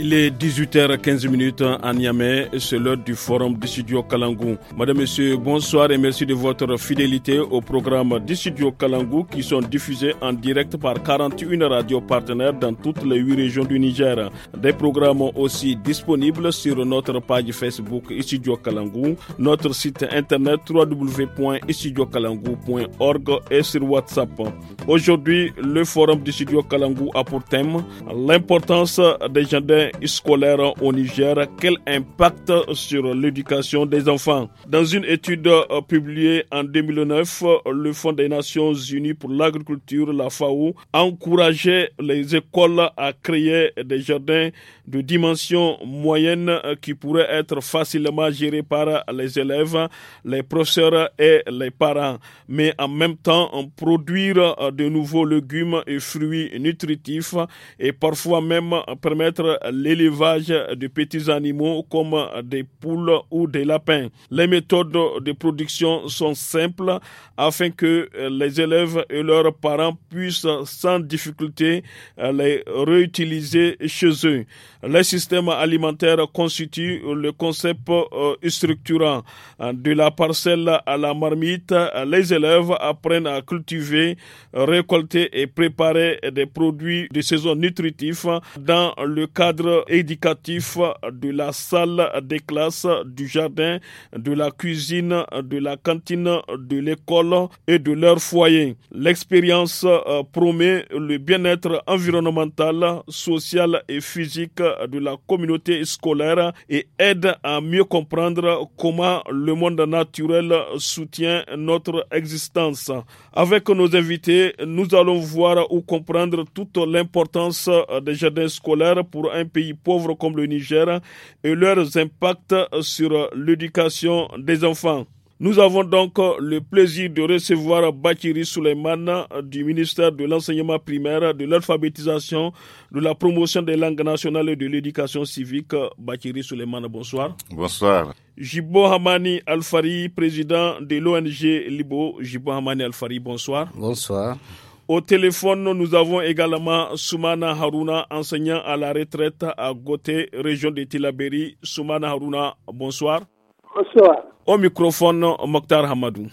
Il est 18h15 à Niamey, c'est l'heure du forum du studio Kalangou. Madame, Monsieur, bonsoir et merci de votre fidélité au programme du studio Kalangou qui sont diffusés en direct par 41 radios partenaires dans toutes les huit régions du Niger. Des programmes aussi disponibles sur notre page Facebook Studio Kalangou, notre site internet www.studiokalangou.org et sur WhatsApp. Aujourd'hui, le forum du studio Kalangou a pour thème l'importance des jardins scolaire au Niger, quel impact sur l'éducation des enfants Dans une étude euh, publiée en 2009, le Fonds des Nations Unies pour l'agriculture, la FAO, encouragé les écoles à créer des jardins de dimension moyenne euh, qui pourrait être facilement gérée par les élèves, les professeurs et les parents, mais en même temps produire euh, de nouveaux légumes et fruits nutritifs et parfois même permettre l'élevage de petits animaux comme des poules ou des lapins. Les méthodes de production sont simples afin que les élèves et leurs parents puissent sans difficulté euh, les réutiliser chez eux. Les systèmes alimentaires constituent le concept euh, structurant euh, de la parcelle à la marmite. Les élèves apprennent à cultiver, récolter et préparer des produits de saison nutritifs dans le cadre éducatif de la salle des classes, du jardin, de la cuisine, de la cantine, de l'école et de leur foyer. L'expérience euh, promet le bien-être environnemental, social et physique de la communauté scolaire et aide à mieux comprendre comment le monde naturel soutient notre existence. Avec nos invités, nous allons voir ou comprendre toute l'importance des jardins scolaires pour un pays pauvre comme le Niger et leurs impacts sur l'éducation des enfants. Nous avons donc euh, le plaisir de recevoir Bakiri Suleiman euh, du ministère de l'enseignement primaire, de l'alphabétisation, de la promotion des langues nationales et de l'éducation civique. Bakiri Souleyman, bonsoir. Bonsoir. Jibo Hamani Alfari, président de l'ONG Libo. Jibo Hamani Alfari, bonsoir. Bonsoir. Au téléphone, nous avons également Soumana Haruna, enseignant à la retraite à Gote, région de Tilaberi. Soumana Haruna, bonsoir. Au microphone, Mokhtar Hamadou.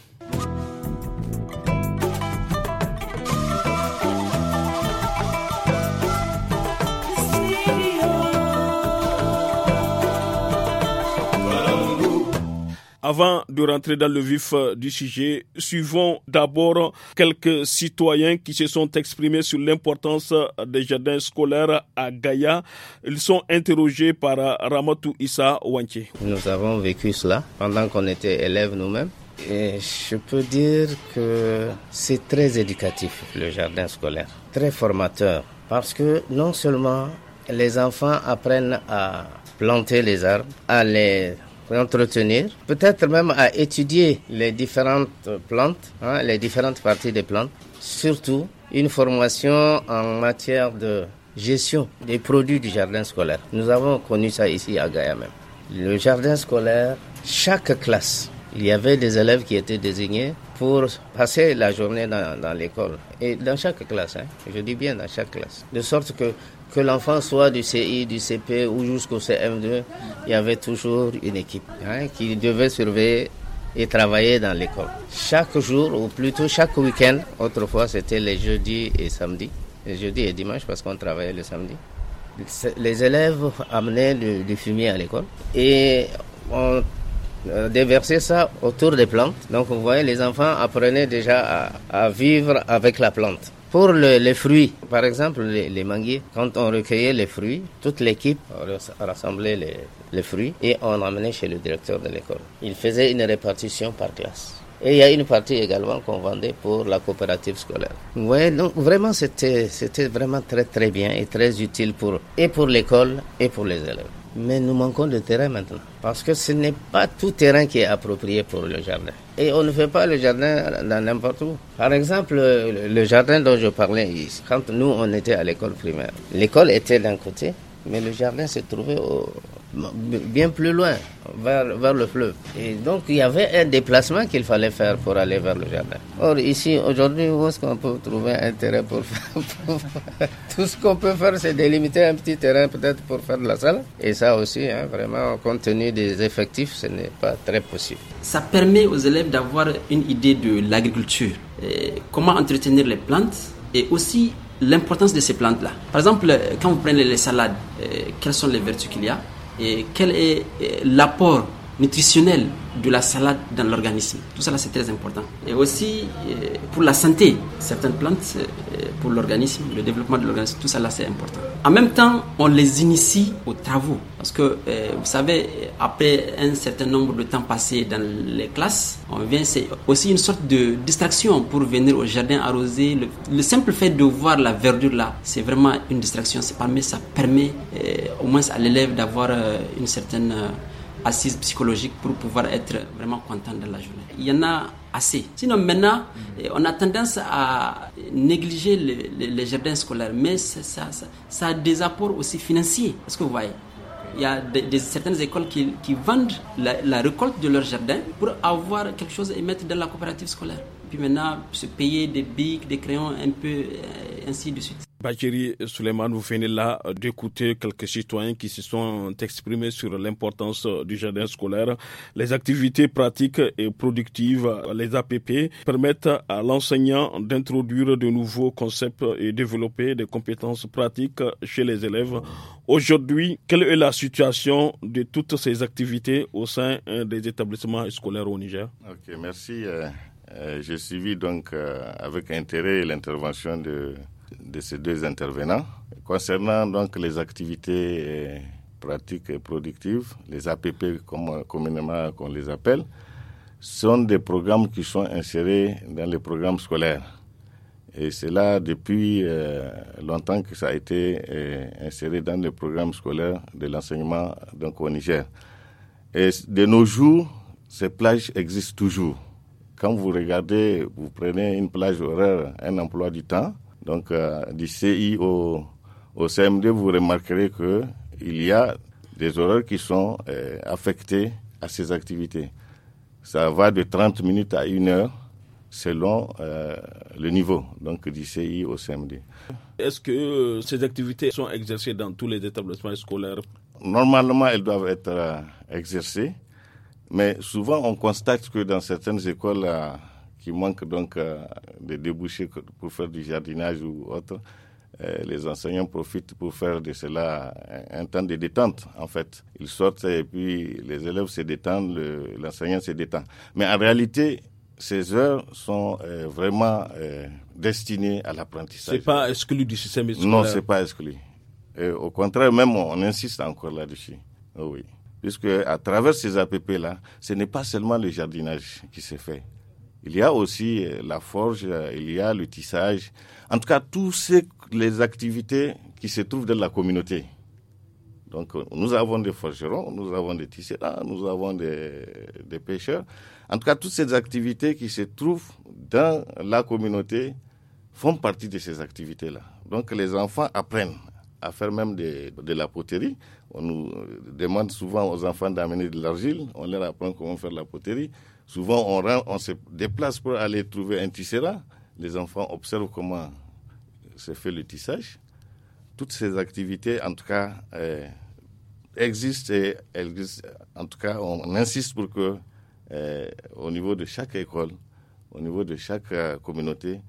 Avant de rentrer dans le vif euh, du sujet, suivons d'abord quelques citoyens qui se sont exprimés sur l'importance euh, des jardins scolaires à Gaïa. Ils sont interrogés par euh, Ramatou Issa Wanché. Nous avons vécu cela pendant qu'on était élèves nous-mêmes. Et je peux dire que c'est très éducatif, le jardin scolaire, très formateur, parce que non seulement les enfants apprennent à planter les arbres, à les entretenir, peut-être même à étudier les différentes plantes, hein, les différentes parties des plantes, surtout une formation en matière de gestion des produits du jardin scolaire. Nous avons connu ça ici à Gaïa même. Le jardin scolaire, chaque classe, il y avait des élèves qui étaient désignés pour passer la journée dans, l'école. Et dans chaque classe, hein, je dis bien dans chaque classe. De sorte que que l'enfant soit du CI, du CP ou jusqu'au CM2, il y avait toujours une équipe hein, qui devait surveiller et travailler dans l'école. Chaque jour, ou plutôt chaque week-end, autrefois c'était les jeudis et samedis, les jeudis et dimanches parce qu'on travaillait le samedi. Les élèves amenaient du, fumier à l'école et on euh, déversait ça autour des plantes. Donc vous voyez, les enfants apprenaient déjà à vivre avec la plante. Pour les fruits, par exemple les, les, quand on recueillait les fruits, toute l'équipe rassemblait les, fruits et on emmenait chez le directeur de l'école. Il faisait une répartition par classe. Et il y a une partie également qu'on vendait pour la coopérative scolaire. Oui, donc vraiment, c'était vraiment très très bien et très utile pour, et pour l'école et pour les élèves. Mais nous manquons de terrain maintenant, parce que ce n'est pas tout terrain qui est approprié pour le jardin. Et on ne fait pas le jardin dans n'importe où. Par exemple, le jardin dont je parlais, quand nous, on était à l'école primaire, l'école était d'un côté mais le jardin s'est trouvé bien plus loin, vers, vers, le fleuve. Et donc, il y avait un déplacement qu'il fallait faire pour aller vers le jardin. Or, ici, aujourd'hui, où est-ce qu'on peut trouver un terrain pour faire, Tout ce qu'on peut faire, c'est délimiter un petit terrain peut-être pour faire de la salle. Et ça aussi, hein, vraiment, compte tenu des effectifs, ce n'est pas très possible. Ça permet aux élèves d'avoir une idée de l'agriculture, comment entretenir les plantes et aussi l'importance de ces plantes-là. Par exemple, euh, quand vous prenez les salades, euh, quelles sont les vertus qu'il y a et quel est euh, l'apport nutritionnelle de la salade dans l'organisme. Tout cela, c'est très important. Et aussi, euh, pour la santé, certaines plantes, euh, pour l'organisme, le développement de l'organisme, tout cela, c'est important. En même temps, on les initie aux travaux. Parce que, euh, vous savez, après un certain nombre de temps passé dans les classes, on vient, c'est aussi une sorte de distraction pour venir au jardin arroser. Le, simple fait de voir la verdure là, c'est vraiment une distraction. Ça permet, ça permet au moins à l'élève d'avoir une certaine assise psychologique pour pouvoir être vraiment content de la journée. Il y en a assez. Sinon, maintenant, on a tendance à négliger les, jardins scolaires, mais ça, a des apports aussi financiers. Est-ce que vous voyez il y a certaines écoles qui, vendent la, récolte de leur jardin pour avoir quelque chose et mettre dans la coopérative scolaire. Puis maintenant, se payer des bics, des crayons, un peu, euh, ainsi de suite. Bakiri Suleiman, vous venez là d'écouter quelques citoyens qui se sont exprimés sur l'importance euh, du jardin scolaire. Les activités pratiques et productives, les APP, permettent à l'enseignant d'introduire de nouveaux concepts et développer des compétences pratiques chez les élèves. Aujourd'hui, quelle est la situation de toutes ces activités au sein euh, des établissements scolaires au Niger Ok, merci. Euh, j'ai suivi donc euh, avec intérêt l'intervention de, ces deux intervenants. Concernant donc les activités euh, pratiques et productives, les APP comme communément qu'on les appelle, sont des programmes qui sont insérés dans les programmes scolaires. Et c'est là depuis longtemps que ça a été inséré dans les programmes scolaires de l'enseignement au Niger. Et de nos jours, ces plages existent toujours. Quand vous regardez, vous prenez une plage horaire, un emploi du temps, donc euh, du CI au, CMD, vous remarquerez qu'il y a des horaires qui sont affectées euh, affectés à ces activités. Ça va de 30 minutes à 1 heure selon euh, le niveau, donc du CI au CMD. Est-ce que ces activités sont exercées dans tous les établissements scolaires Normalement, elles doivent être exercées mais souvent, on constate que dans certaines écoles euh, qui manquent donc euh, de débouchés pour faire du jardinage ou autre, euh, les enseignants profitent pour faire de cela un temps de détente, en fait. Ils sortent et puis les élèves se détendent, l'enseignant se détend. Mais en réalité, ces heures sont vraiment destinées à l'apprentissage. C'est pas exclu du système scolaire. Non, c'est pas exclu. au contraire, même on insiste encore là-dessus. Oh oui puisque à travers ces APP-là, ce n'est pas seulement le jardinage qui se fait. Il y a aussi euh, la forge, euh, il y a le tissage, en tout cas toutes les activités qui se trouvent dans la communauté. Donc euh, nous avons des forgerons, nous avons des tisserands, nous avons des, des, pêcheurs. En tout cas, toutes ces activités qui se trouvent dans la communauté font partie de ces activités-là. Donc les enfants apprennent à faire même de, de la poterie. On nous euh, demande souvent aux enfants d'amener de l'argile. On leur apprend comment faire la poterie. Souvent, on, on se déplace pour aller trouver un tisserat. Les enfants observent comment se fait le tissage. Toutes ces activités, en tout cas, euh, existent et existent. En tout cas, on insiste pour que, euh, au niveau de chaque école, au niveau de chaque communauté,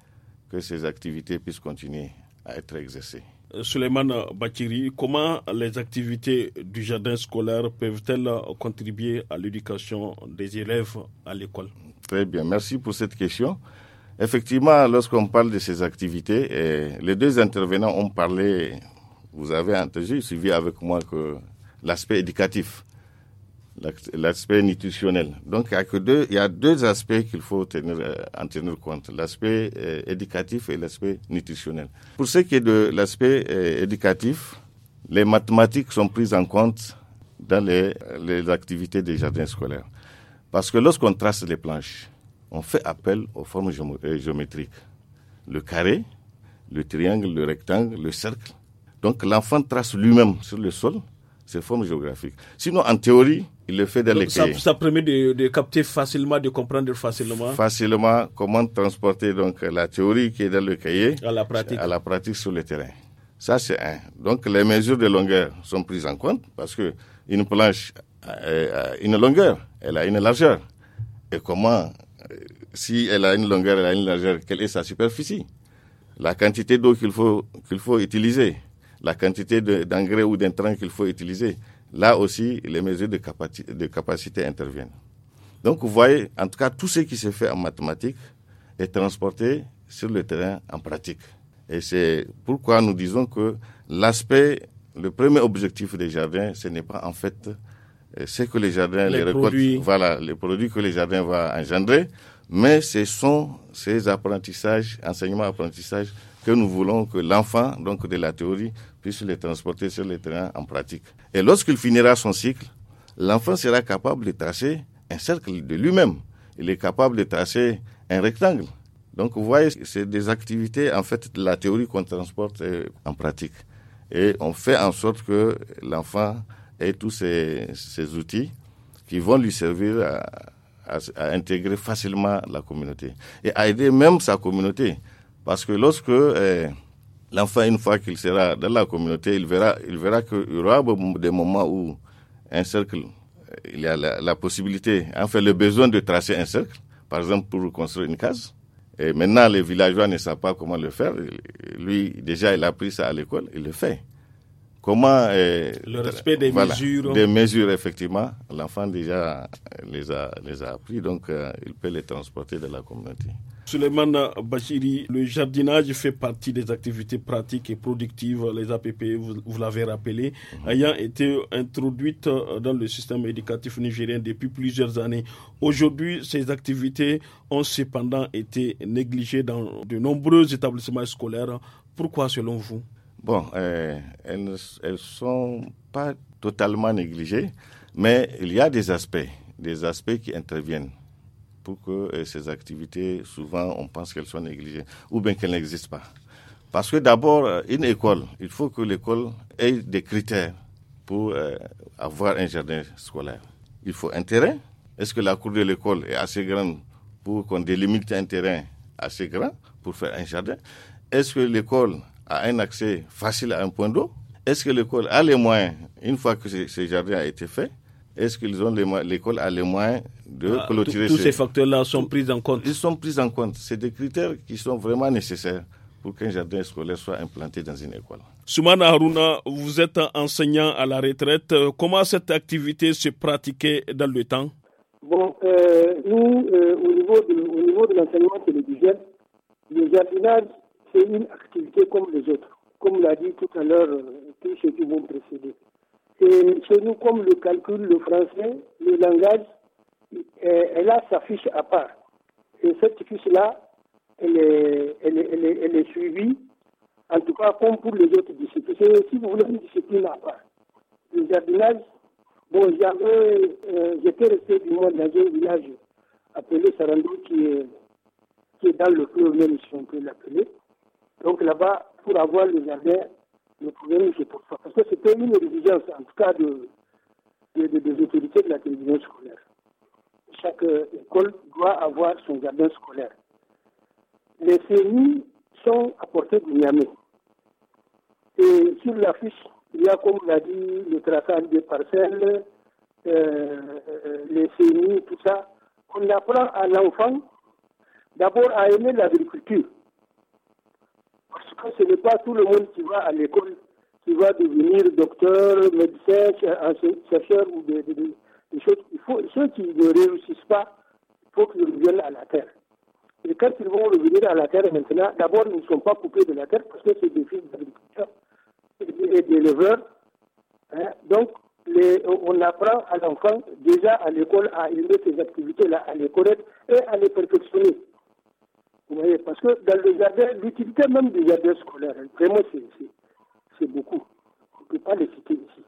que ces activités puissent continuer à être exercées. Euh, Suleiman Bachiri, comment les activités du jardin scolaire peuvent-elles contribuer à l'éducation des élèves à l'école Très bien, merci pour cette question. Effectivement, lorsqu'on parle de ces activités, eh, les deux intervenants ont parlé, vous avez entendu, suivi avec moi que l'aspect éducatif l'aspect nutritionnel. Donc, il y, il a deux aspects qu'il faut tenir, euh, en tenir compte, l'aspect euh, éducatif et l'aspect nutritionnel. Pour ce qui est de l'aspect euh, éducatif, les mathématiques sont prises en compte dans les, les activités des jardins scolaires. Parce que lorsqu'on trace les planches, on fait appel aux formes géométriques. Le carré, le triangle, le rectangle, le cercle. Donc l'enfant trace lui-même sur le sol ces formes géographiques. Sinon, en théorie, le fait dans Ça, permet de, capter facilement, de comprendre facilement. Facilement comment transporter donc la théorie qui est dans le cahier à la pratique, à la pratique sur le terrain. Ça, c'est un. Donc, les mesures de longueur sont prises en compte parce que une planche a euh, euh, une longueur, elle a une largeur. Et comment, euh, si elle a une longueur, elle a une largeur, quelle est sa superficie La quantité d'eau qu'il faut, qu'il faut utiliser, la quantité d'engrais ou d'intrants qu'il faut utiliser, là aussi, les mesures de, capacité interviennent. Donc, vous voyez, en tout cas, tout ce qui se fait en mathématiques est transporté sur le terrain en pratique. Et c'est pourquoi nous disons que l'aspect, le premier objectif des jardins, ce n'est pas en fait euh, ce que les jardins, les, voilà, les produits que les jardins vont engendrer, mais ce sont ces apprentissages, enseignements-apprentissages que nous voulons que l'enfant, donc de la théorie, puisse les transporter sur le terrain en pratique. Et lorsqu'il finira son cycle, l'enfant sera capable de tracer un cercle de lui-même. Il est capable de tracer un rectangle. Donc, vous voyez, c'est des activités, en fait, de la théorie qu'on transporte euh, en pratique. Et on fait en sorte que l'enfant ait tous ces, outils qui vont lui servir à, à intégrer facilement la communauté et à aider même sa communauté. Parce que lorsque eh, l'enfant, une fois qu'il sera dans la communauté, il verra, il verra qu'il y aura des moments où un cercle, il y a la, possibilité, enfin le besoin de tracer un cercle, par exemple pour construire une case. Et maintenant, les villageois ne savent pas comment le faire. Lui, déjà, il a appris ça à l'école, il le fait. Comment eh, le respect des mesures, des mesures effectivement, l'enfant déjà les a les a appris, donc euh, il peut les transporter dans la communauté. Suleiman Bachiri, le jardinage fait partie des activités pratiques et productives, les APP, vous, l'avez rappelé, mhm. ayant été introduites dans le système éducatif nigérien depuis plusieurs années. Aujourd'hui, ces activités ont cependant été négligées dans de nombreux établissements scolaires. Pourquoi selon vous Bon, euh, elles ne sont pas totalement négligées, mais il y a des aspects, des aspects qui interviennent pour que eh, ces activités, souvent, on pense qu'elles soient négligées ou bien qu'elles n'existent pas. Parce que d'abord, euh, une école, il faut que l'école ait des critères pour euh, avoir un jardin scolaire. Il faut un terrain. Est-ce que la cour de l'école est assez grande pour qu'on délimite un terrain assez grand pour faire un jardin Est-ce que l'école a un accès facile à un point d'eau Est-ce que l'école a les moyens, une fois que ce jardin a été fait, est-ce qu'ils ont l'école a les moyens de ah, clôturer Tous ces, facteurs-là sont pris en compte. Ils sont pris en compte. C'est des critères qui sont vraiment nécessaires pour qu'un jardin scolaire soit implanté dans une école. Soumana Haruna, vous êtes enseignant à la retraite. Euh, comment cette activité se pratiquait dans le temps Bon, euh, nous, euh, au, niveau de, de l'enseignement télévisuel, le jardinage, c'est une activité comme les autres. Comme l'a dit tout à l'heure tous ceux qui vont précéder. Et chez nous, comme le calcul, le français, le langage, elle a sa fiche à part. Et cette fiche-là, elle est, elle, est, suivie, en tout cas comme pour les autres disciplines. C'est si vous voulez une discipline à part. Le jardinage, bon, euh, j'étais resté du moins dans un village appelé Sarandou qui est, dans le fleuve, même, si on peut l'appeler. Donc là-bas, pour avoir le jardin, le c'est pour ça. Parce que c'était une exigence, en tout cas, de, des autorités de la télévision scolaire. Chaque école doit avoir son jardin scolaire. Les séries sont portée de Niamey. Et sur l'affiche, il y a, comme l'a dit, le traçage des parcelles, euh, euh, les CNI, tout ça. On apprend à l'enfant d'abord à aimer l'agriculture. Parce que ce n'est pas tout le monde qui va à l'école qui va devenir docteur, médecin, chercheur ou des, choses. ceux qui ne réussissent pas, il faut qu'ils reviennent à la terre. Et quand ils vont revenir à la terre maintenant, d'abord, ils ne sont pas coupés de la terre parce que c'est des fils d'agriculteurs et d'éleveurs. Hein. Donc, on apprend à l'enfant déjà à l'école à aimer ces activités-là, à les connaître et à les perfectionner. Vous voyez, parce que dans le jardin, l'utilité même du jardin scolaire, hein, vraiment, c'est beaucoup. On ne peut pas les citer ici.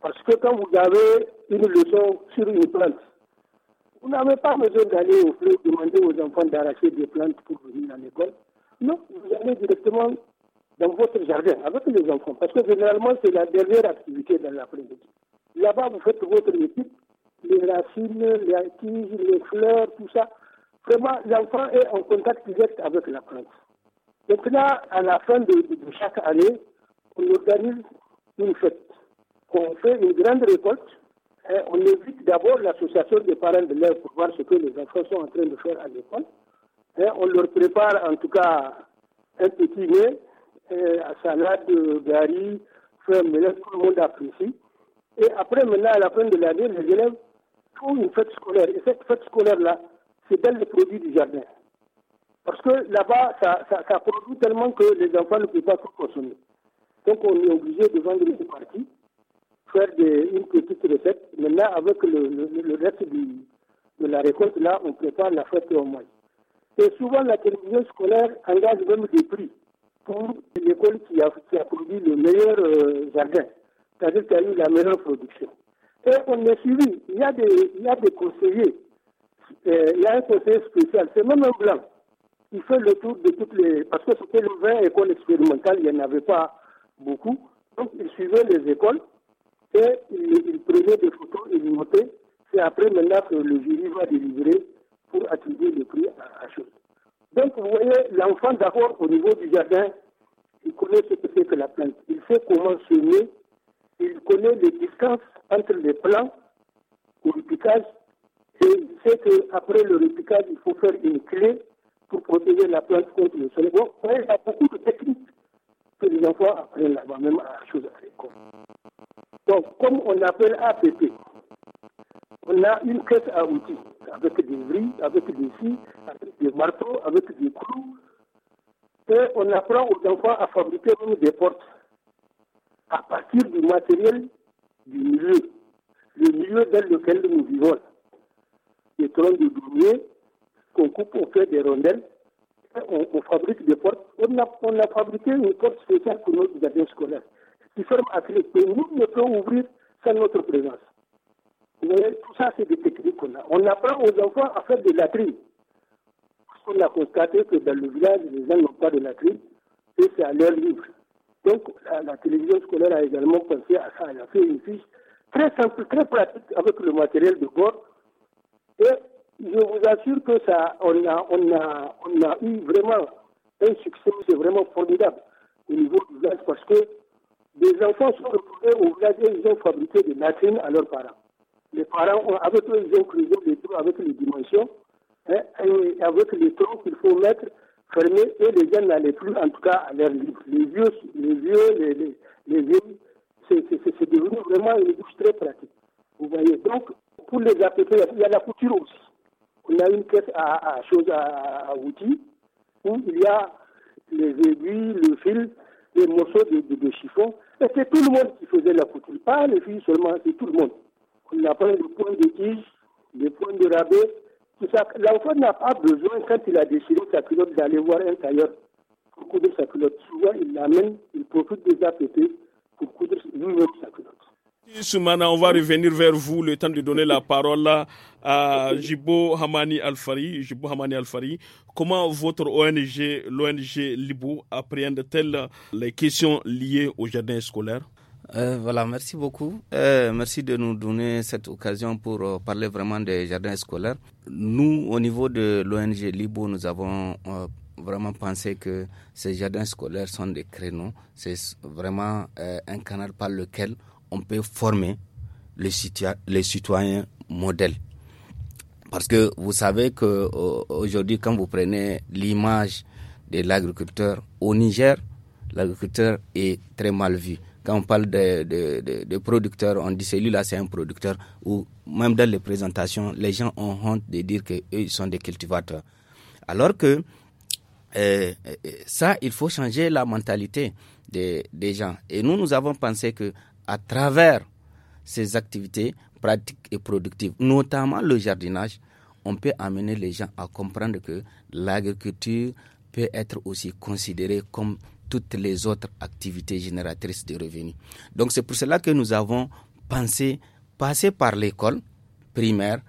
Parce que quand vous avez une leçon sur une plante, vous n'avez pas besoin d'aller au fleuve demander aux enfants d'arracher des plantes pour venir à l'école. Non, vous allez directement dans votre jardin avec les enfants. Parce que généralement, c'est la dernière activité dans l'après-midi. Là-bas, vous faites votre équipe, les racines, les tiges, les fleurs, tout ça. Vraiment, l'enfant est en contact direct avec la plante. Donc là, à la fin de, chaque année, on organise une fête. On fait une grande récolte. on invite d'abord l'association des parents de l'élève pour voir ce que les enfants sont en train de faire à l'école. Et on leur prépare en tout cas un petit nez, à salade, gari, frère, mélange, tout le monde apprécie. Et après, maintenant, à la fin de l'année, les élèves font une fête scolaire. Et cette fête scolaire-là, c'est bien le produit du jardin. Parce que là-bas, ça, produit tellement que les enfants ne peuvent pas tout consommer. Donc on est obligé de vendre une partie, faire des, une petite recette. Maintenant, avec le, reste du, de la récolte, là, on prépare la fête au mois. Et souvent, la télévision scolaire engage même des prix pour l'école qui a, qui a, produit le meilleur euh, jardin, c'est-à-dire qui a eu la meilleure production. Et on est suivi. Il y a des, il y a des conseillers il y a un conseil spécial. C'est même un blanc Il fait le tour de toutes les. Parce que c'était le vin école expérimentale, il n'y en avait pas beaucoup. Donc, il suivait les écoles et il, prenait des photos, il montait. C'est après maintenant que le jury va délivrer pour attribuer le prix à, chose. Donc, vous voyez, l'enfant, d'abord, au niveau du jardin, il connaît ce que c'est que la plante. Il sait comment semer. Il connaît les distances entre les plants, le piquage c'est qu'après le répliquage, il faut faire une clé pour protéger la place contre le sol. Bon, il y a beaucoup de techniques que les enfants apprennent là-bas, même à la chose à l'école. Donc, comme on appelle APP, on a une caisse à outils avec des vrilles, avec des scies, avec des marteaux, avec des clous. Et on apprend aux enfants à fabriquer des portes à partir du matériel du milieu, le milieu dans lequel nous vivons des troncs de billets qu'on coupe on fait des rondelles. On, on, fabrique des portes. On a, on a fabriqué une porte spéciale pour notre gardien scolaire qui ferme à clé que nous ne pouvons ouvrir sans notre présence. Mais tout ça, c'est des techniques qu'on a. On apprend aux enfants à faire des latrines. Parce qu'on a constaté que dans le village, les gens n'ont pas de latrines et c'est à leur livre. Donc, la, télévision scolaire a également pensé à ça. Elle a fait une fiche très simple, très pratique avec le matériel de bord et je vous assure que ça, on a, on a, on a eu vraiment un succès, c'est vraiment formidable au niveau du village parce que des enfants sont retrouvés au village et ils ont fabriqué des latrines à leurs parents. Les parents, ont, avec eux, ils ont creusé les trous avec les dimensions, hein, et avec les trous qu'il faut mettre fermés et les jeunes n'allaient plus, en tout cas, à Les yeux, les yeux, les, les, c'est devenu vraiment une bouche très pratique. Vous voyez, donc, pour les APP, il y a la couture aussi. On a une caisse à, à, outils où il y a les aiguilles, le fil, les morceaux de, chiffon. Et c'est tout le monde qui faisait la couture, pas les filles seulement, c'est tout le monde. On apprend des points de tige, des points de rabais, L'enfant n'a pas besoin, quand il a déchiré sa culotte, d'aller voir un tailleur pour coudre sa culotte. Souvent, il l'amène, il profite des APP pour coudre lui-même sa culotte. Soumana, on va revenir vers vous, le temps de donner la parole à Jibo Hamani Alfari. Jibo Hamani Alfari, comment votre ONG, l'ONG Libo, appréhende-t-elle les questions liées au jardin scolaire euh, voilà, merci beaucoup. Euh, merci de nous donner cette occasion pour euh, parler vraiment des jardins scolaires. Nous, au niveau de l'ONG Libo, nous avons vraiment pensé que ces jardins scolaires sont des créneaux. C'est vraiment un canal par lequel on peut former les, citoyens modèles. Parce que vous savez que euh, aujourd'hui, quand vous prenez l'image de l'agriculteur au Niger, l'agriculteur est très mal vu. Quand on parle de, producteurs, on dit celui-là c'est un producteur. Ou même dans les présentations, les gens ont honte de dire qu'eux ils sont des cultivateurs. Alors que euh, euh, ça, il faut changer la mentalité des gens. Et nous, nous avons pensé que à travers ces activités pratiques et productives, notamment le jardinage, on peut amener les gens à comprendre que l'agriculture peut être aussi considérée comme toutes les autres activités génératrices de revenus. Donc c'est pour cela que nous avons pensé passer par l'école primaire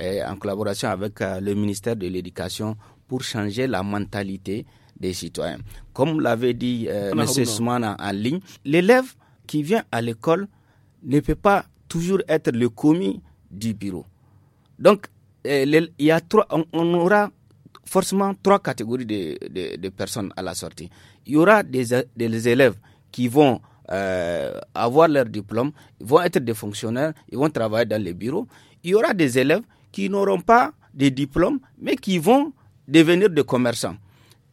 euh, en collaboration avec euh, le ministère de l'Éducation pour changer la mentalité des citoyens. Comme l'avait dit euh, M. Soumana en ligne, l'élève qui vient à l'école ne peut pas toujours être le commis du bureau. Donc, euh, il y trois, on, aura forcément trois catégories de, personnes à la sortie. Il y aura des, élèves qui vont euh, avoir leur diplôme, ils vont être des fonctionnaires, ils vont travailler dans les bureaux. Il y aura des élèves qui n'auront pas de diplôme, mais qui vont devenir des commerçants.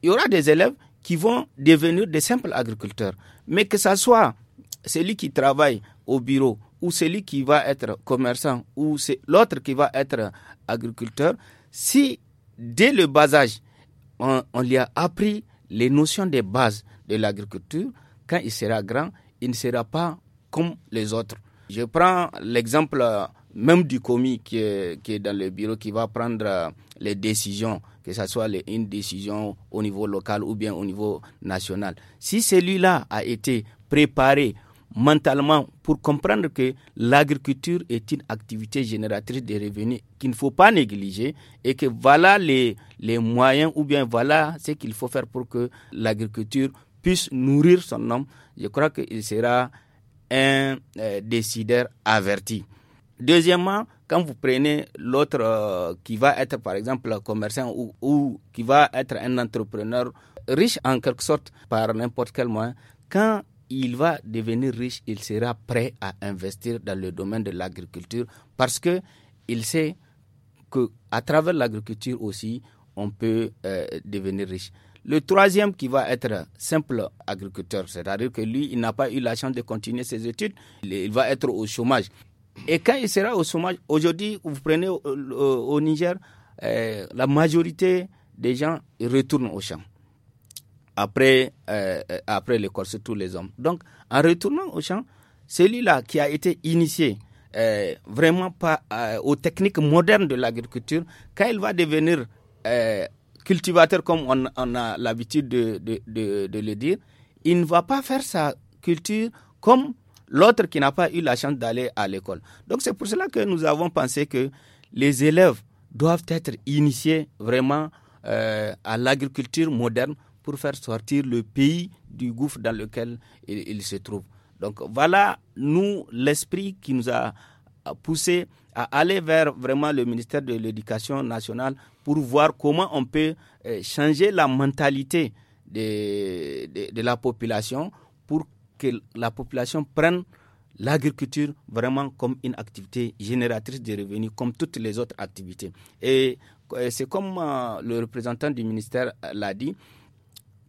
Il y aura des élèves qui vont devenir des simples agriculteurs. Mais que ce soit celui qui travaille au bureau ou celui qui va être commerçant ou l'autre qui va être agriculteur, si dès le bas âge, on, lui a appris les notions des bases de l'agriculture, quand il sera grand, il ne sera pas comme les autres. Je prends l'exemple euh, même du commis qui est, dans le bureau, qui va prendre euh, les décisions, que ce soit les, une décision au niveau local ou bien au niveau national. Si celui-là a été préparé mentalement pour comprendre que l'agriculture est une activité génératrice de revenus qu'il ne faut pas négliger et que voilà les, les moyens ou bien voilà ce qu'il faut faire pour que l'agriculture puisse nourrir son homme. Je crois qu'il sera un euh, décideur averti. Deuxièmement, quand vous prenez l'autre euh, qui va être par exemple un commerçant ou, ou, qui va être un entrepreneur riche en quelque sorte par n'importe quel moyen, quand il va devenir riche, il sera prêt à investir dans le domaine de l'agriculture parce que il sait que à travers l'agriculture aussi, on peut euh, devenir riche. Le troisième qui va être simple agriculteur, c'est-à-dire que lui, il n'a pas eu la chance de continuer ses études, il va être au chômage. Et quand il sera au chômage, aujourd'hui, vous prenez euh, au, Niger, euh, la majorité des gens retournent au champ après, euh, euh après tous les hommes. Donc, en retournant au champ, celui-là qui a été initié euh, vraiment pas euh, aux techniques modernes de l'agriculture, quand il va devenir cultivateur comme on, a l'habitude de, de, le dire, il ne va pas faire sa culture comme l'autre qui n'a pas eu la chance d'aller à l'école. Donc c'est pour cela que nous avons pensé que les élèves doivent être initiés vraiment à l'agriculture moderne pour faire sortir le pays du gouffre dans lequel il, se trouve. Donc voilà, nous, l'esprit qui nous a poussé à aller vers vraiment le ministère de l'Éducation nationale pour voir comment on peut euh, changer la mentalité de, de la population pour que la population prenne l'agriculture vraiment comme une activité génératrice de revenus comme toutes les autres activités. Et euh, c'est comme euh, le représentant du ministère l'a dit,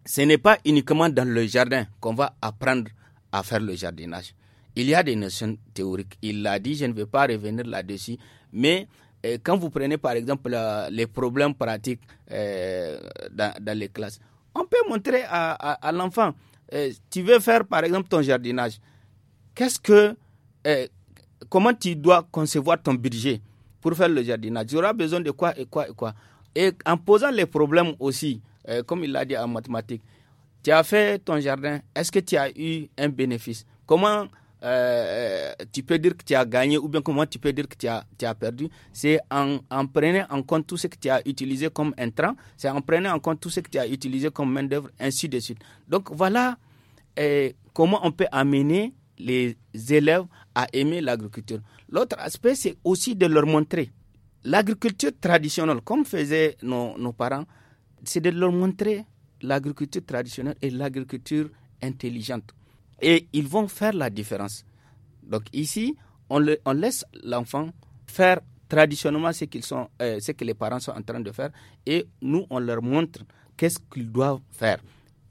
ce n'est pas uniquement dans le jardin qu'on va apprendre à faire le jardinage. Il y a des notions théoriques. Il l'a dit, je ne vais pas revenir là-dessus, mais euh, quand vous prenez par exemple euh, les problèmes pratiques euh, dans, les classes, on peut montrer à, l'enfant, tu veux faire par exemple ton jardinage, qu'est-ce que, comment tu dois concevoir ton budget pour faire le jardinage Tu auras besoin de quoi et quoi et quoi. Et en posant les problèmes aussi, euh, comme il l'a dit en mathématiques, tu as fait ton jardin, est-ce que tu as eu un bénéfice Comment euh, euh, tu peux dire que tu as gagné ou bien comment tu peux dire que tu as, tu as perdu C'est en, prenant en compte tout ce que tu as utilisé comme intrant, c'est en prenant en compte tout ce que tu as utilisé comme main-d'œuvre, ainsi de suite. Donc voilà comment on peut amener les élèves à aimer l'agriculture. L'autre aspect, c'est aussi de leur montrer l'agriculture traditionnelle, comme faisaient nos, nos parents c'est de leur montrer l'agriculture traditionnelle et l'agriculture intelligente. Et ils vont faire la différence. Donc ici, on, le, on laisse l'enfant faire traditionnellement ce, qu'ils sont, euh, ce que les parents sont en train de faire et nous, on leur montre qu'est-ce qu'ils doivent faire.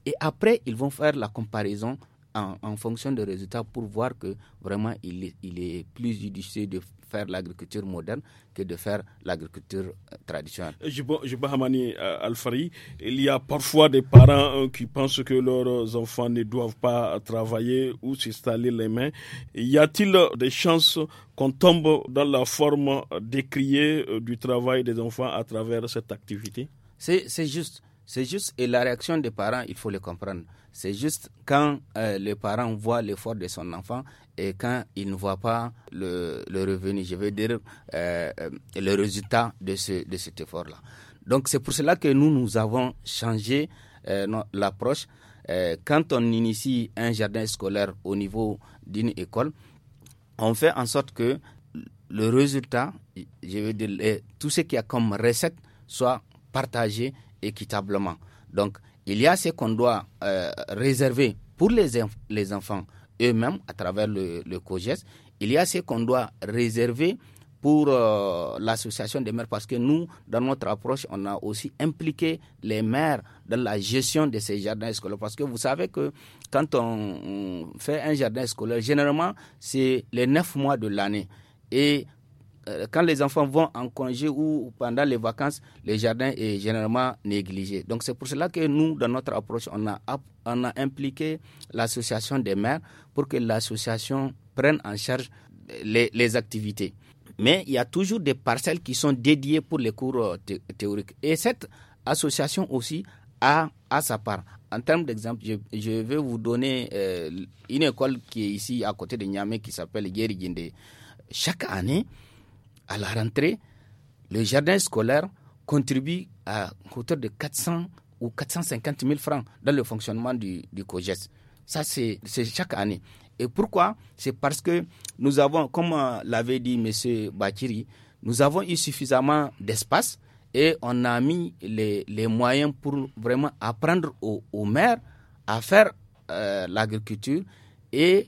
Et après, ils vont faire la comparaison en, fonction des résultats pour voir que vraiment il est, il est plus judicieux de faire l'agriculture moderne que de faire l'agriculture euh, traditionnelle. Euh, je euh, Alfari, il y a parfois des parents qui pensent que leurs enfants ne doivent pas travailler ou s'installer les mains. Y a-t-il des chances qu'on tombe dans la forme décriée du travail des enfants à travers cette activité C'est juste. C'est juste, et la réaction des parents, il faut le comprendre. C'est juste quand euh, les parents voient l'effort de son enfant et quand ils ne voient pas le, le revenu, je veux dire, euh, euh, le résultat de, ce, de cet effort-là. Donc c'est pour cela que nous, nous avons changé euh, l'approche. quand on initie un jardin scolaire au niveau d'une école, on fait en sorte que le résultat, je veux dire, tout ce qu'il y a comme recette soit partagé équitablement. Donc, il y a ce qu'on doit euh, réserver pour les, les enfants eux-mêmes à travers le, le, COGES. Il y a ce qu'on doit réserver pour euh, l'association des mères parce que nous, dans notre approche, on a aussi impliqué les mères dans la gestion de ces jardins scolaires. Parce que vous savez que quand on, on fait un jardin scolaire, généralement, c'est les neuf mois de l'année. Et euh, quand les enfants vont en congé ou pendant les vacances, le jardin est généralement négligé. Donc c'est pour cela que nous, dans notre approche, on a, on a impliqué l'association des maires pour que l'association prenne en charge les, activités. Mais il y a toujours des parcelles qui sont dédiées pour les cours euh, théoriques. Et cette association aussi a, à sa part. En termes d'exemple, je, vais vous donner euh, une école qui est ici à côté de Niamey qui s'appelle Yeriginde. Chaque année, à la rentrée, le jardin scolaire contribue à hauteur de 400 ou 450 000 francs dans le fonctionnement du, du COGES. Ça, c'est chaque année. Et pourquoi C'est parce que nous avons, comme euh, l'avait dit M. Bakiri, nous avons eu suffisamment d'espace et on a mis les, moyens pour vraiment apprendre aux, maires à faire euh, l'agriculture et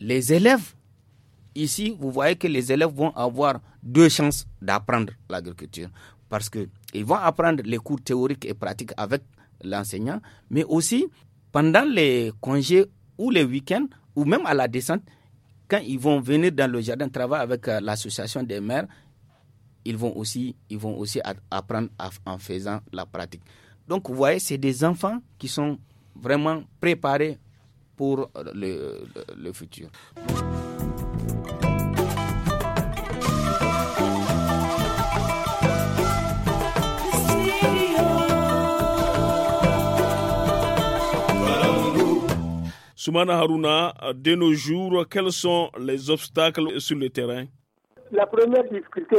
les élèves Ici, vous voyez que les élèves vont avoir deux chances d'apprendre l'agriculture parce qu'ils vont apprendre les cours théoriques et pratiques avec l'enseignant, mais aussi pendant les congés ou les week-ends ou même à la descente, quand ils vont venir dans le jardin de travail avec euh, l'association des maires, ils vont aussi, ils vont aussi apprendre en faisant la pratique. Donc vous voyez, c'est des enfants qui sont vraiment préparés pour euh, le futur. Soumana Harouna, de nos jours, quels sont les obstacles sur le terrain La première difficulté,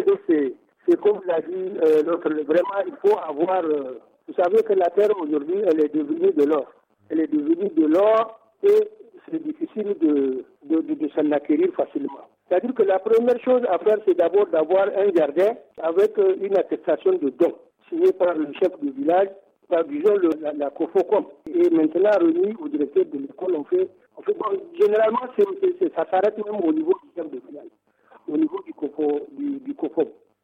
c'est comme l'a dit euh, vraiment, il faut avoir... Euh, vous savez que la terre, aujourd'hui, elle est devenue de l'or. Elle est devenue de l'or et c'est difficile de, de, s'en acquérir facilement. C'est-à-dire que la première chose à faire, c'est d'abord d'avoir un jardin avec euh, une attestation de don signée par le chef du village bah, la, la COFOCOM est maintenant remis au directeur de l'école. On fait, fait généralement, ça s'arrête même au niveau du terme de village au niveau du, du,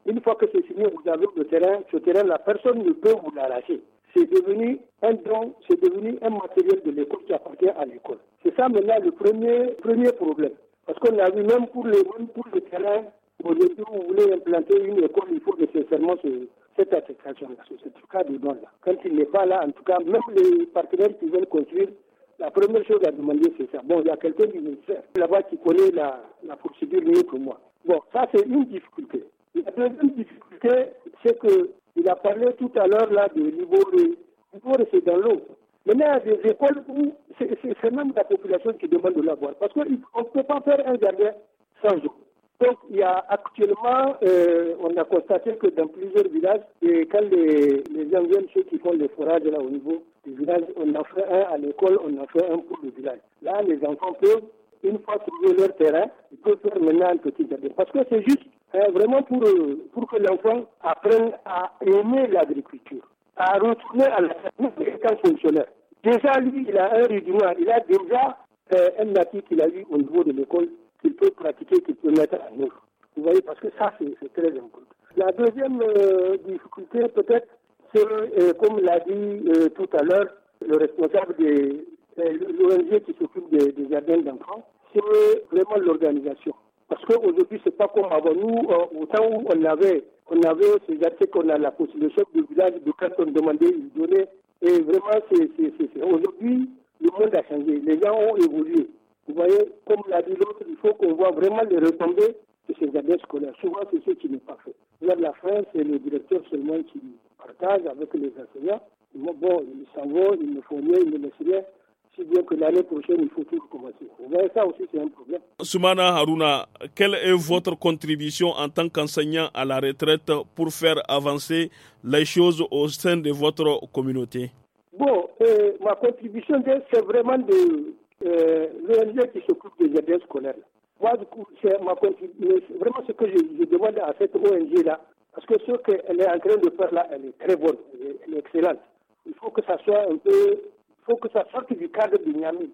Une fois que c'est signé, vous avez le terrain. Ce terrain, la personne ne peut vous l'arracher. C'est devenu un don, c'est devenu un matériel de l'école qui appartient à l'école. C'est ça maintenant le premier, premier problème. Parce qu'on a vu même pour les, même pour le terrain si vous voulez implanter une école, il faut nécessairement cette attestation-là, ce cas, de don-là. Quand il n'est pas là, en tout cas, même les partenaires qui veulent construire, la première chose à demander, c'est ça. Bon, il y a quelqu'un du ministère là qui connaît la, la procédure mieux que moi. Bon, ça, c'est une difficulté. La deuxième difficulté, c'est que il a parlé tout à l'heure là de Liboré. Liboré, c'est dans l'eau. Maintenant, il y a des écoles où c'est même la population qui demande de l'avoir. Parce qu'on ne peut pas faire un jardin sans eau. Donc, il y a actuellement, euh, on a constaté que dans plusieurs villages, quand les, gens viennent, ceux qui font les forages là au niveau du village, on en fait un à l'école, on en fait un pour le village. Là, les enfants peuvent, une fois trouvé leur terrain, ils peuvent faire maintenant un petit jardin. Parce que c'est juste euh, vraiment pour, euh, pour que l'enfant apprenne à aimer l'agriculture, à retourner à la quand fonctionnaire. Déjà, lui, il a un mois, il a déjà un natif qu'il a eu au niveau de l'école qu'il peut pratiquer, qu'il peut mettre à œuvre. Vous voyez, parce que ça, c'est très important. La deuxième euh, difficulté, peut-être, c'est, euh, comme l'a dit euh, tout à l'heure le responsable de l'ONG qui s'occupe des, jardins d'enfants, c'est vraiment l'organisation. Parce qu'aujourd'hui, c'est pas comme avant nous, au temps où on avait, on avait ces jardins qu'on a la possibilité du village, de quand on demandait, ils donnaient, Et vraiment, c'est, aujourd'hui, le monde a changé. Les gens ont évolué. Vous voyez, comme l'a dit l'autre, il faut qu'on voit vraiment les retombées de ces années scolaires. Souvent, c'est ce qui n'est pas fait. Là, la fin, c'est le directeur seulement qui partage avec les enseignants. Bon, bon ils s'en vont, ils ne font rien, ils ne laissent rien si bien que l'année prochaine, il faut tout recommencer. voyez, ça aussi, c'est un problème. Soumana Haruna, quelle est votre contribution en tant qu'enseignant à la retraite pour faire avancer les choses au sein de votre communauté Bon, euh, ma contribution, c'est vraiment de euh, l'ONG qui s'occupe des jardins scolaires. Moi, du coup, c'est Vraiment, ce que je, demande à cette ONG-là, parce que ce qu'elle est en train de faire là, elle est très bonne, elle est, excellente. Il faut que ça soit un peu. faut que ça sorte du cadre de Niamey,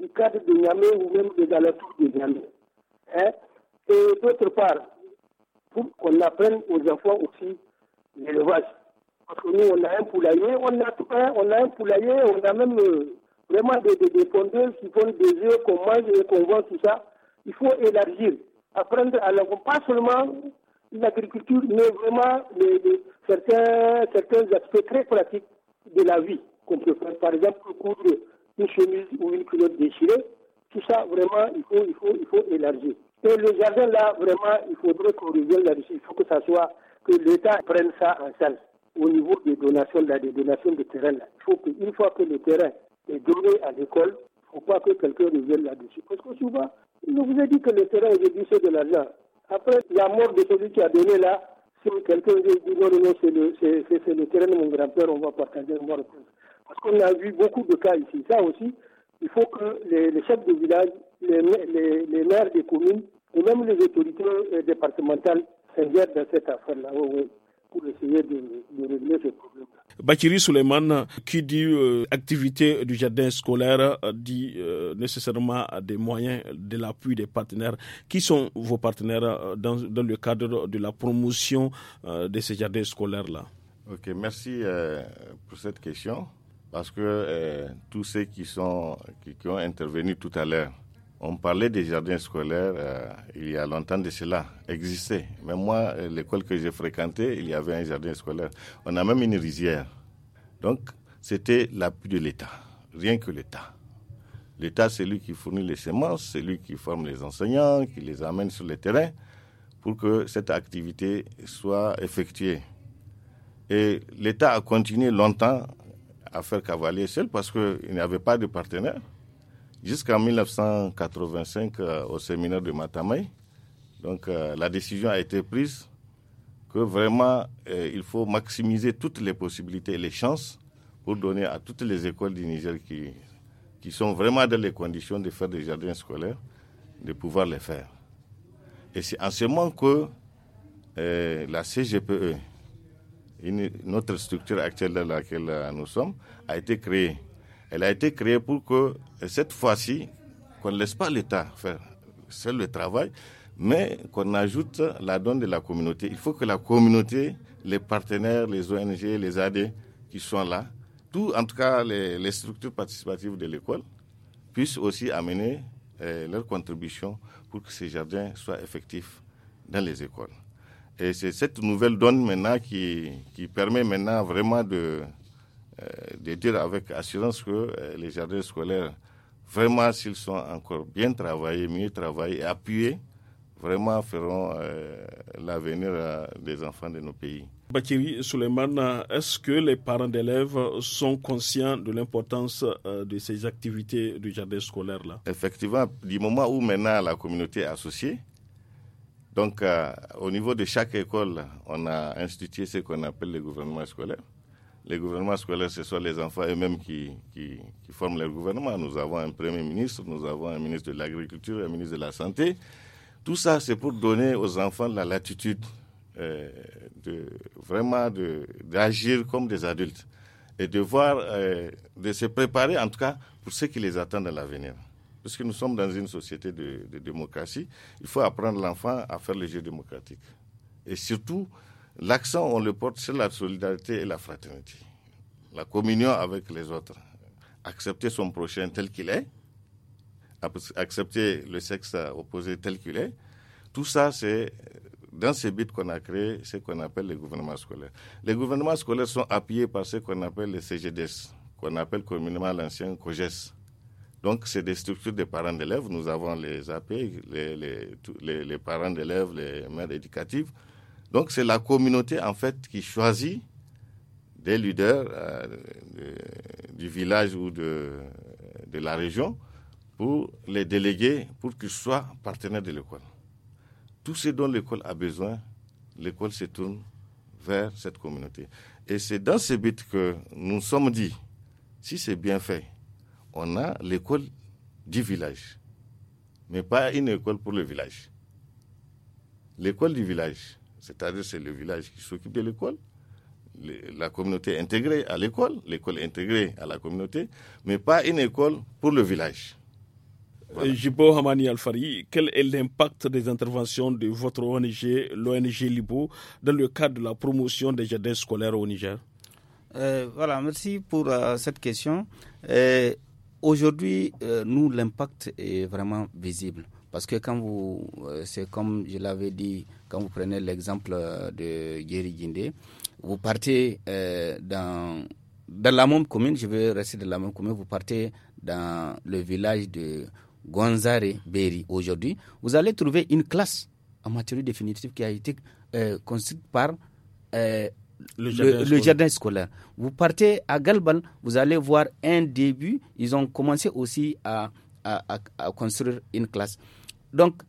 du cadre de Niamey ou même des alentours de Niamey. Hein? Et d'autre part, pour qu'on apprenne aux enfants aussi l'élevage. Parce que nous, on a un poulailler, on a, on a un poulailler, on a même. Euh, vraiment des, des, qui font des œufs qu'on mange et qu'on vend tout ça. Il faut élargir, apprendre à l'agriculture. pas seulement l'agriculture, mais vraiment certains, certains aspects très pratiques de la vie qu'on peut faire. Par exemple, coudre une chemise ou une culotte déchirée, tout ça, vraiment, il faut, il faut, il faut élargir. Et le jardin, là, vraiment, il faudrait qu'on revienne là-dessus. Il faut que ça soit, que l'État prenne ça en salle au niveau des donations, des de terrain. Il faut qu'une fois que le terrain et donné à l'école, il ne faut pas que quelqu'un revienne là-dessus. Parce que souvent, je vous ai dit que le terrain aujourd'hui c'est de l'argent. Après la mort de celui qui a donné là, si quelqu'un dit non, non, c'est le, terrain de mon grand-père, on va partager, on va Parce qu'on a vu beaucoup de cas ici. Ça aussi, il faut que les, chefs de village, les, les, maires des communes et même les autorités euh, départementales s'engagent dans cette affaire-là. oui pour essayer de, régler ce problème. Bachiri qui dit euh, activité du jardin scolaire, euh, dit euh, nécessairement des moyens de l'appui des partenaires. Qui sont vos partenaires dans, le cadre de la promotion de ces jardins scolaires-là Ok, merci pour cette question, parce que tous ceux qui, sont, qui ont intervenu tout à l'heure, on parlait des jardins scolaires euh, il y a longtemps de cela, existait. Mais moi, euh, l'école que j'ai fréquentée, il y avait un jardin scolaire. On a même une rizière. Donc, c'était l'appui de l'État, rien que l'État. L'État, c'est lui qui fournit les semences, c'est lui qui forme les enseignants, qui les amène sur le terrain pour que cette activité soit effectuée. Et l'État a continué longtemps à faire cavalier seul parce qu'il n'y avait pas de partenaire. Jusqu'en 1985, euh, au séminaire de Matamay, donc euh, la décision a été prise que vraiment euh, il faut maximiser toutes les possibilités et les chances pour donner à toutes les écoles du Niger qui, qui sont vraiment dans les conditions de faire des jardins scolaires, de pouvoir les faire. Et c'est en ce moment que la CGPE, notre structure actuelle dans laquelle nous sommes, a été créée. Elle a été créée pour que euh, cette fois-ci, qu'on ne laisse pas l'État faire seul le travail, mais qu'on ajoute la donne de la communauté. Il faut que la communauté, les partenaires, les ONG, les AD qui sont là, tout en tout cas les, structures participatives de l'école, puissent aussi amener euh, leur contribution pour que ces jardins soient effectifs dans les écoles. Et c'est cette nouvelle donne maintenant qui, qui permet maintenant vraiment de, euh, de dire avec assurance que euh, les jardins scolaires, vraiment, s'ils sont encore bien travaillés, mieux travaillés et appuyés, vraiment feront euh, l'avenir des enfants de nos pays. Bakiri Suleiman, est-ce que les parents d'élèves sont conscients de l'importance de ces activités du jardin scolaire-là Effectivement, du moment où maintenant la communauté est associée, donc au niveau de chaque école, on a institué ce qu'on appelle le gouvernement scolaire les gouvernements scolaires, ce sont les enfants eux-mêmes qui, qui, forment leur gouvernement. Nous avons un Premier ministre, nous avons un ministre de l'Agriculture, un ministre de la Santé. Tout ça, c'est pour donner aux enfants la latitude euh, de, vraiment d'agir comme des adultes et de voir, euh, de se préparer en tout cas pour ce qui les attend dans l'avenir. Puisque nous sommes dans une société de, de démocratie, il faut apprendre l'enfant à faire le jeu démocratique. Et surtout, L'accent, on le porte sur la solidarité et la fraternité, la communion avec les autres, accepter son prochain tel qu'il est, accepter le sexe opposé tel qu'il est. Tout ça, c'est dans ce but qu'on a créé ce qu'on appelle les gouvernements scolaires. Les gouvernements scolaires sont appuyés par ce qu'on appelle les CGDS, qu'on appelle communément l'ancien COGES. Donc, c'est des structures de parents d'élèves. Nous avons les AP, les, les, les parents d'élèves, les mères éducatives. Donc c'est la communauté en fait qui choisit des leaders euh, du village ou de, la région pour les déléguer pour qu'ils soient partenaires de l'école. Tout ce dont l'école a besoin, l'école se tourne vers cette communauté. Et c'est dans ce but que nous sommes dit, si c'est bien fait, on a l'école du village, mais pas une école pour le village. L'école du village, c'est-à-dire c'est le village qui s'occupe de l'école, la communauté intégrée à l'école, l'école intégrée à la communauté, mais pas une école pour le village. Euh, Jibo Hamani Alfari, quel est l'impact des interventions de votre ONG, l'ONG Libo, dans le cadre de la promotion des jardins scolaires au Niger euh, Voilà, merci pour euh, cette question. Aujourd'hui, nous, l'impact est vraiment visible. Parce que quand vous, euh, c'est comme je l'avais dit, quand vous prenez l'exemple euh, de Guéry Guindé, vous partez euh, dans, dans la même commune, je vais rester dans la même commune, vous partez dans le village de Gonzare Berry aujourd'hui, vous allez trouver une classe en matière définitive qui a été construite par le, jardin, scolaire. Vous partez à Galban, vous allez voir un début, ils ont commencé aussi à à, construire une classe. Donc,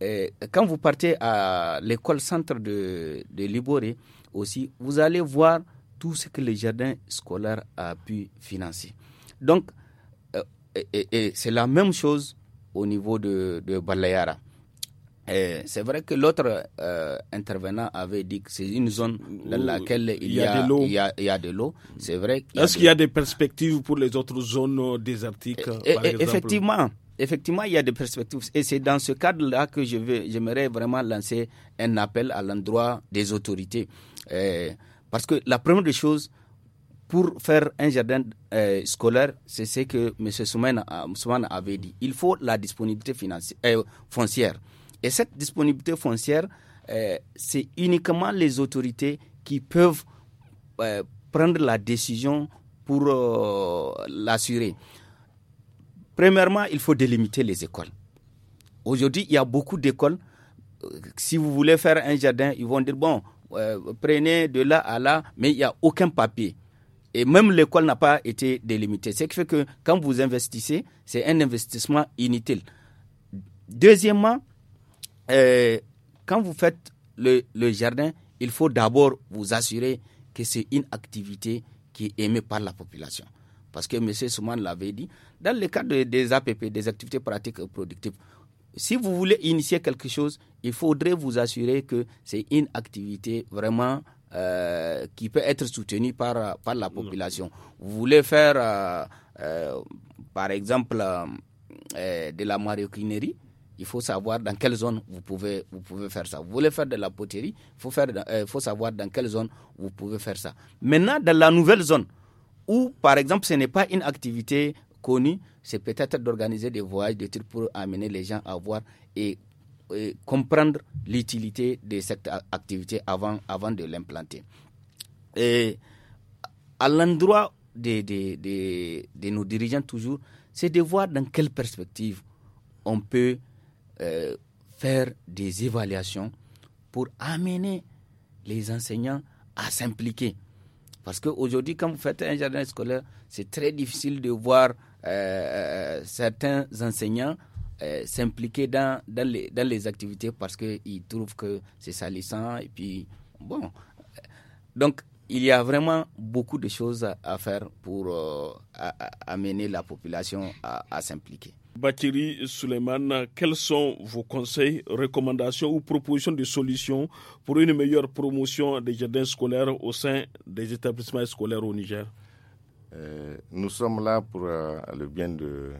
eh, quand vous partez à l'école centre de, de Liboré aussi, vous allez voir tout ce que le jardin scolaire a pu financer. Donc, eh, eh, c'est la même chose au niveau de, de Balayara. C'est vrai que l'autre intervenant avait dit que c'est une zone dans laquelle il, y, a, de l'eau. C'est vrai. Est-ce qu'il y a des perspectives pour les autres zones désertiques Effectivement, effectivement, il y a des perspectives. Et c'est dans ce cadre-là que je j'aimerais vraiment lancer un appel à l'endroit des autorités. Eh, parce que la première chose choses, pour faire un jardin eh, scolaire, c'est ce que M. Soumane euh, avait dit. Il faut la disponibilité financière, eh, foncière. Et cette disponibilité foncière, c'est uniquement les autorités qui peuvent prendre la décision pour euh, l'assurer. Premièrement, il faut délimiter les écoles. Aujourd'hui, il y a beaucoup d'écoles. Euh, si vous voulez faire un jardin, ils vont dire, bon, euh, prenez de là à là, mais il n'y a aucun papier. Et même l'école n'a pas été délimitée. Ce qui fait que quand vous investissez, c'est un investissement inutile. Deuxièmement, euh, quand vous faites le jardin, il faut d'abord vous assurer que c'est une activité qui est aimée par la population. Parce que M. Souman l'avait dit, dans le cadre des APP, des activités pratiques productives, si vous voulez initier quelque chose, il faudrait vous assurer que c'est une activité vraiment euh, qui peut être soutenue par, par la population. Vous voulez faire, euh, euh, par exemple, de la marioquinerie, il faut savoir dans quelle zone vous pouvez, vous pouvez faire ça. Vous voulez faire de la poterie, il faut, faut savoir dans quelle zone vous pouvez faire ça. Maintenant, dans la nouvelle zone, ou par exemple ce n'est pas une activité connue, c'est peut-être d'organiser des voyages de trucs pour amener les gens à voir et, comprendre l'utilité de cette activité avant, avant de l'implanter. Et à l'endroit de, de, nos dirigeants toujours, c'est de voir dans quelle perspective on peut euh, faire des évaluations pour amener les enseignants à s'impliquer parce qu'aujourd'hui, quand vous faites un jardin scolaire, c'est très difficile de voir euh, euh, euh, certains enseignants s'impliquer dans, dans, les, dans les activités parce qu'ils trouvent que c'est salissant. Et puis, bon. Donc, il y a vraiment beaucoup de choses à faire pour euh, amener la population à, s'impliquer. Bakiri Suleiman, quels sont vos conseils, recommandations ou propositions de solutions pour une meilleure promotion des jardins scolaires au sein des établissements scolaires au Niger euh, Nous sommes là pour euh, le bien de,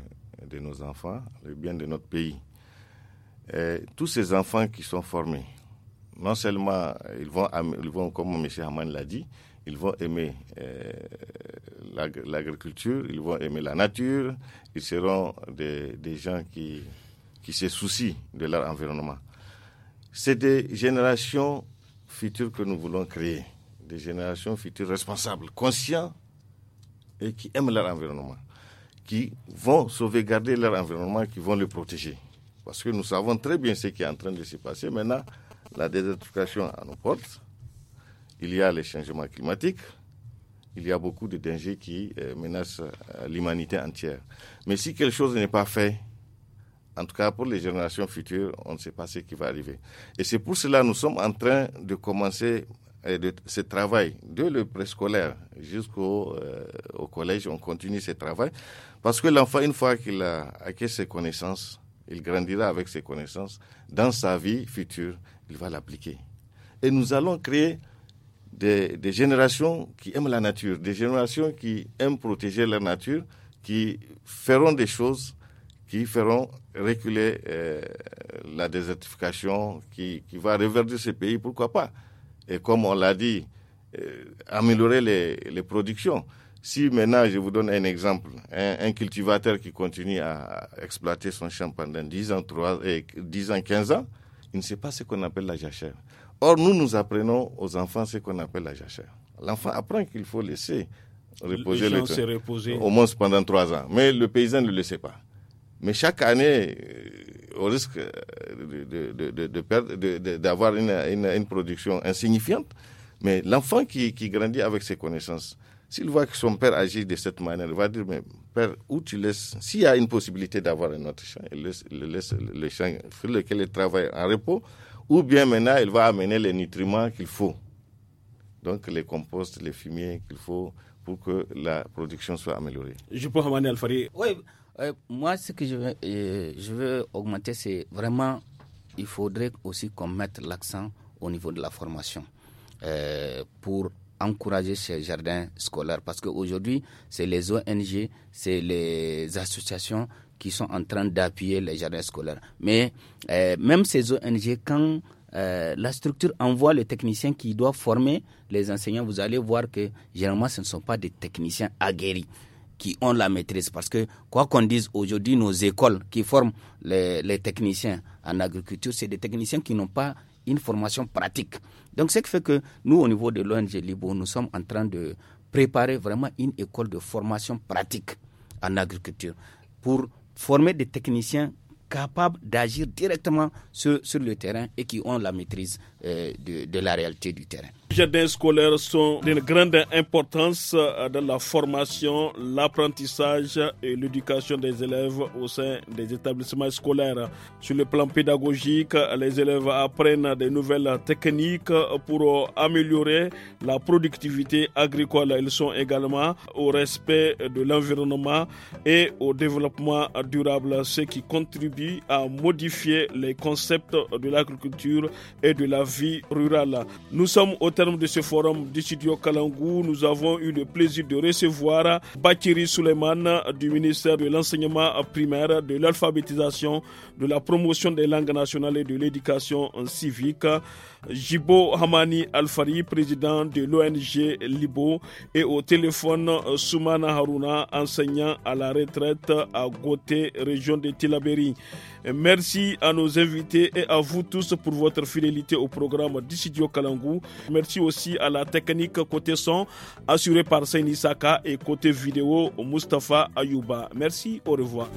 nos enfants, le bien de notre pays. tous ces enfants qui sont formés, non seulement ils vont, ils vont comme M. Haman l'a dit, ils vont aimer euh, l'agriculture, ils vont aimer la nature, ils seront des, des gens qui, qui se soucient de leur environnement. C'est des générations futures que nous voulons créer, des générations futures responsables, conscients et qui aiment leur environnement, qui vont sauvegarder leur environnement, qui vont le protéger. Parce que nous savons très bien ce qui est en train de se passer maintenant la désertification à nos portes, il y a les changements climatiques, il y a beaucoup de dangers qui euh, menacent euh, l'humanité entière. Mais si quelque chose n'est pas fait, en tout cas pour les générations futures, on ne sait pas ce qui va arriver. Et c'est pour cela que nous sommes en train de commencer euh, de, ce travail, de le préscolaire jusqu'au au collège, on continue ce travail, parce que l'enfant, une fois qu'il a acquis ses connaissances, il grandira avec ses connaissances dans sa vie future il va l'appliquer. Et nous allons créer des, des, générations qui aiment la nature, des générations qui aiment protéger la nature, qui feront des choses qui feront reculer euh, la désertification, qui, qui va reverdir ce pays, pourquoi pas. Et comme on l'a dit, euh, améliorer les, les, productions. Si maintenant, je vous donne un exemple, un, cultivateur qui continue à, exploiter son champ pendant ans, 3, 10 euh, ans, 15 ans, il ne sait pas ce qu'on appelle la jachère. Or, nous, nous apprenons aux enfants ce qu'on appelle la jachère. L'enfant apprend qu'il faut laisser reposer le, au moins pendant trois ans. Mais le paysan ne le sait pas. Mais chaque année, euh, au risque d'avoir euh, de, de, de, une, une, une, production insignifiante, mais l'enfant qui, qui grandit avec ses connaissances, s'il voit que son père agit de cette manière, il va dire, mais où ou tu laisses, s'il y a une possibilité d'avoir un autre champ, il laisse, le champ sur lequel il travaille en repos, ou bien maintenant il va amener les nutriments qu'il faut. Donc les composts, les fumiers qu'il faut pour que la production soit améliorée. Je peux amener Alfari. Oui, euh, moi ce que je veux, euh, je veux augmenter, c'est vraiment, il faudrait aussi qu'on mette l'accent au niveau de la formation euh, pour encourager ces jardins scolaires parce qu'aujourd'hui, c'est les ONG, c'est les associations qui sont en train d'appuyer les jardins scolaires. Mais euh, même ces ONG, quand euh, la structure envoie les techniciens qui doivent former les enseignants, vous allez voir que généralement, ce ne sont pas des techniciens aguerris qui ont la maîtrise. Parce que, quoi qu'on dise aujourd'hui, nos écoles qui forment les techniciens en agriculture, c'est des techniciens qui n'ont pas une formation pratique. Donc, ce qui fait que nous, au niveau de l'ONG Libo, nous sommes en train de préparer vraiment une école de formation pratique en agriculture pour former des techniciens capables d'agir directement sur, le terrain et qui ont la maîtrise euh, de la réalité du terrain. Les jardins scolaires sont d'une grande importance euh, dans la formation, l'apprentissage et l'éducation des élèves au sein des établissements scolaires. Sur le plan pédagogique, les élèves apprennent des nouvelles techniques pour euh, améliorer la productivité agricole. Ils sont également au respect de l'environnement et au développement durable, ce qui contribue à modifier les concepts de l'agriculture et de la vie rurale. Nous sommes au terme de ce forum du studio nous avons eu le plaisir de recevoir Bakiri Suleiman du ministère de l'enseignement primaire, de l'alphabétisation, de la promotion des langues nationales et de l'éducation civique. Jibo Hamani Alfari, président de l'ONG Libo, et au téléphone Soumana Haruna, enseignant à la retraite à Gote, région de Tilaberi. Merci à nos invités et à vous tous pour votre fidélité au programme d'Issidio Kalangou. Merci aussi à la technique côté son assurée par Saini Saka et côté vidéo Mustapha Ayouba. Merci, au revoir.